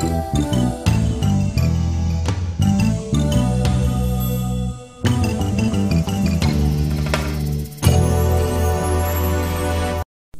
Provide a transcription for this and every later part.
thank you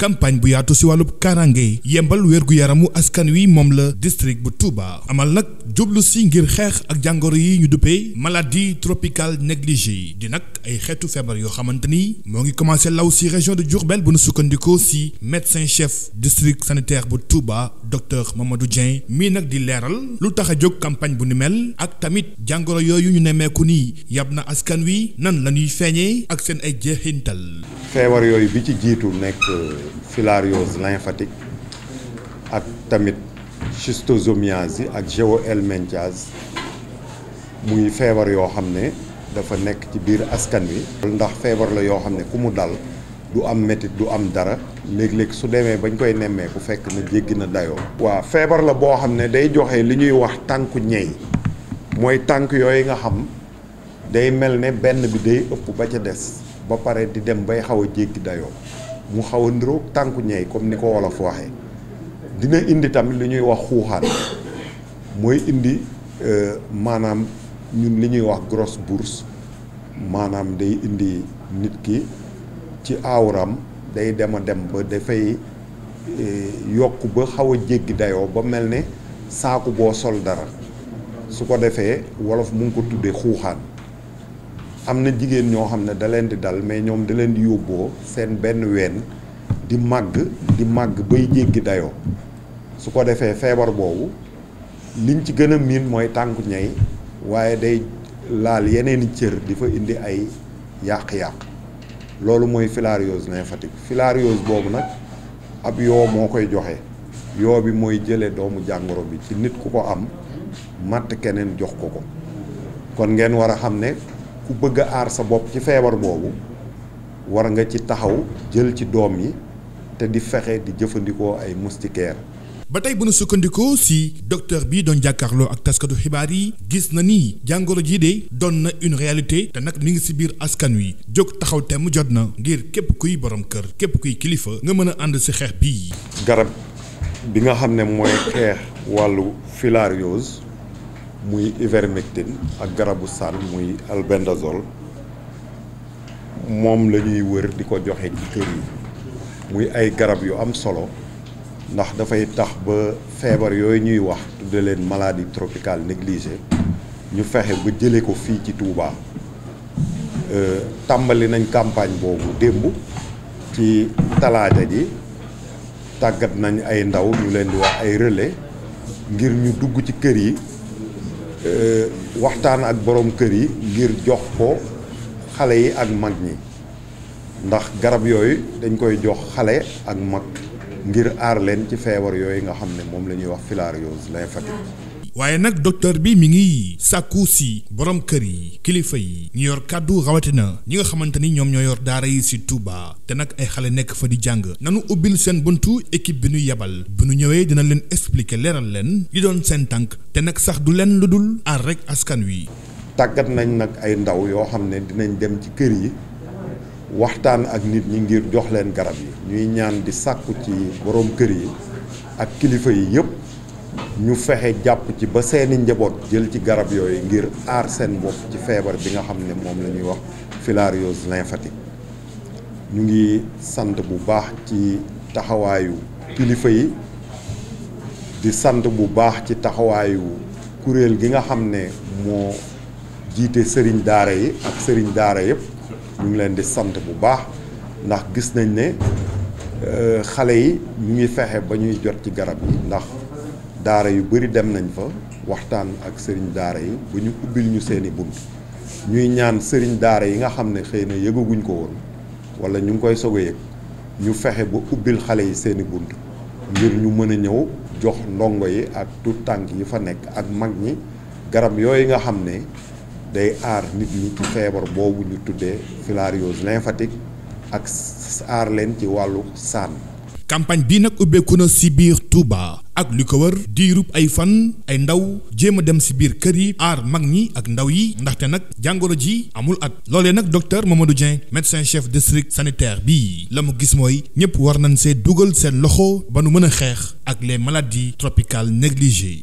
campagne bu yaatu si wàllub kaaraange yembal wér-gu-yaramu askan wi moom la district bu Touba amal nag jublu si ngir xeex ak jàngoro yi ñu duppee maladie tropicale négligée di nag ay xeetu feebar yoo xamante ni moo ngi commencé law si région de Diourbel bu nu sukkandikoo si médecin chef district sanitaire bu Touba docteur Mamadou Dieng mii nag di leeral lu tax a jóg campagne bu ni mel ak tamit jàngoro yooyu ñu nemmeeku nii yab na askan wi nan la ñuy feeñee ak seen ay jeexintal. feebar yooyu bi ci jiitu nekk euh, filariose lymphatique ak tamit schistosomiase yi ak géohelminthiase muy feebar yoo xam ne dafa nekk ci biir askan wi. ndax feebar la yoo xam ne ku mu dal du am metit du am dara léeg-léeg su demee bañ koy nemmee ku fekk na jéggi na dayoo. waa feebar la boo xam ne day joxe li ñuy wax tànku ñey mooy tànk yooyu nga xam day mel ne benn bi day ëpp ba ca des. ba pare di dem bay xaw a jéggi dayoo mu xaw a niroog tànku ñey comme ni ko wolof waxee dina indi tamit lu ñuy wax xuuxaan mooy indi euh, maanaam ñun li ñuy wax grosse bourse maanaam day indi nit ki ci awraam day dem a dem ba dafay euh, yokk ba xaw a jéggi dayoo ba mel ne saaku boo sol dara su ko defee wolof mu ko tuddee xuuxaan am na jigéen ñoo xam ne da leen di dal mais ñoom daleen di yóbboo seen benn ween di màgg di màgg bay jéggi dayoo su ko defee feebar boobu liñ ci gën a miin mooy tànku ñey waaye day laal yeneeni i cër di fa indi ay yàq-yàq loolu mooy filariose lymphatique filariose boobu nag ab yoo moo koy joxe yoo bi mooy jële doomu jàngoro bi ci nit ku ko am matt keneen jox ko ko kon ngeen war a xam ne ku bëgg aar sa bopp ci feebar boobu war nga ci taxaw jël ci doom yi te di fexe di jëfandikoo ay moustiquaire ba tey bu nu sukkandikoo si docteur bii doon jàkkaarloo ak taskatu xibaar yi gis na ni jàngoro jii de doon na une réalité te nag mi ngi si biir askan wi jóg taxaw temm jot na ngir képp kuy borom kër képp kuy kilifa nga mën a ànd si xeex bii. garab bi nga xam ne mooy xeex wàllu filariose muy ivermectine ak garabu saan muy albendazole moom la ñuy wër di ko joxe ci kër yi muy ay garab yu am solo ndax dafay tax ba feebar yooyu ñuy wax tudde leen maladie tropicale négligée ñu fexe ba jëlee ko fii ci Touba euh, tàmbali nañ campagne boobu démb ci talaate ji tàggat nañ ay ndaw ñu leen di wax ay relais ngir ñu dugg ci kër yi. Euh, waxtaan ak boroom kër yi ngir jox ko xale yi ak mag ñi ndax garab yooyu dañ koy jox xale ak mag ngir aar leen ci feebar yooyu nga xam ne moom la ñuy wax filariose lymphatique waaye nag docteur bi mi ngi sàkku si borom kër yi kilifa yi ñu yor kàddu rawatina ñi nga xamante ni ñoom ñoo yor daara yi si Touba te nag ay xale nekk fa di jàng nanu ubbil seen buntu équipe bi ñu yebal bu ñu ñëwee dina leen expliquer leeral leen li doon seen tànk te nag sax du leen lu dul aar rek askan wi. tàggat nañ nag ay ndaw yoo xam ne dinañ dem ci kër yi waxtaan ak nit ñi ngir jox leen garab yi ñuy ñaan di sàkku ci borom kër yi ak kilifa yi yëpp. ñu fexe jàpp ci ba seeni njaboot jël ci garab yooyu ngir aar seen bopp ci feebar bi nga xam ne moom la ñuy wax filariose lymphatique ñu ngi sant bu baax ci taxawaayu kilifa yi di sant bu baax ci taxawaayu kuréel gi nga xam ne moo jiite sëriñ daara yi ak sëriñ daara yëpp ñu ngi leen di sant bu baax ndax gis nañ ne euh, xale yi ñu ngi fexe ba ñuy jot ci garab yi ndax daara yu bëri dem nañ fa waxtaan ak sëriñ daara yi ba ñu ubbil ñu seeni bunt ñuy ñaan sëriñ daara yi nga xam ne xëy na yëgaguñ ko woon wala ñu ngi koy soog a yëg ñu fexe ba ubbil xale yi seeni bunt ngir ñu mën a ñëw jox ndongo yi ak tout tànk yi fa nekk ak mag ñi garab yooyu nga xam ne day aar nit ñi feebar boobu ñu tuddee filariose lymphatique ak aar leen ci wàllu saan campagne bi nag ubbeeku na si biir Touba ak li ko wër diirub ay fan ay ndaw jéem a dem si biir kër yi aar mag ñi ak ndaw yi ndaxte nag jàngoro ji amul at loolee nag docteur Mamadou Dieng médecin chef district sanitaire bii la mu gis mooy ñëpp war nañ see dugal seen loxo ba nu mën a xeex ak les maladies tropicales négligées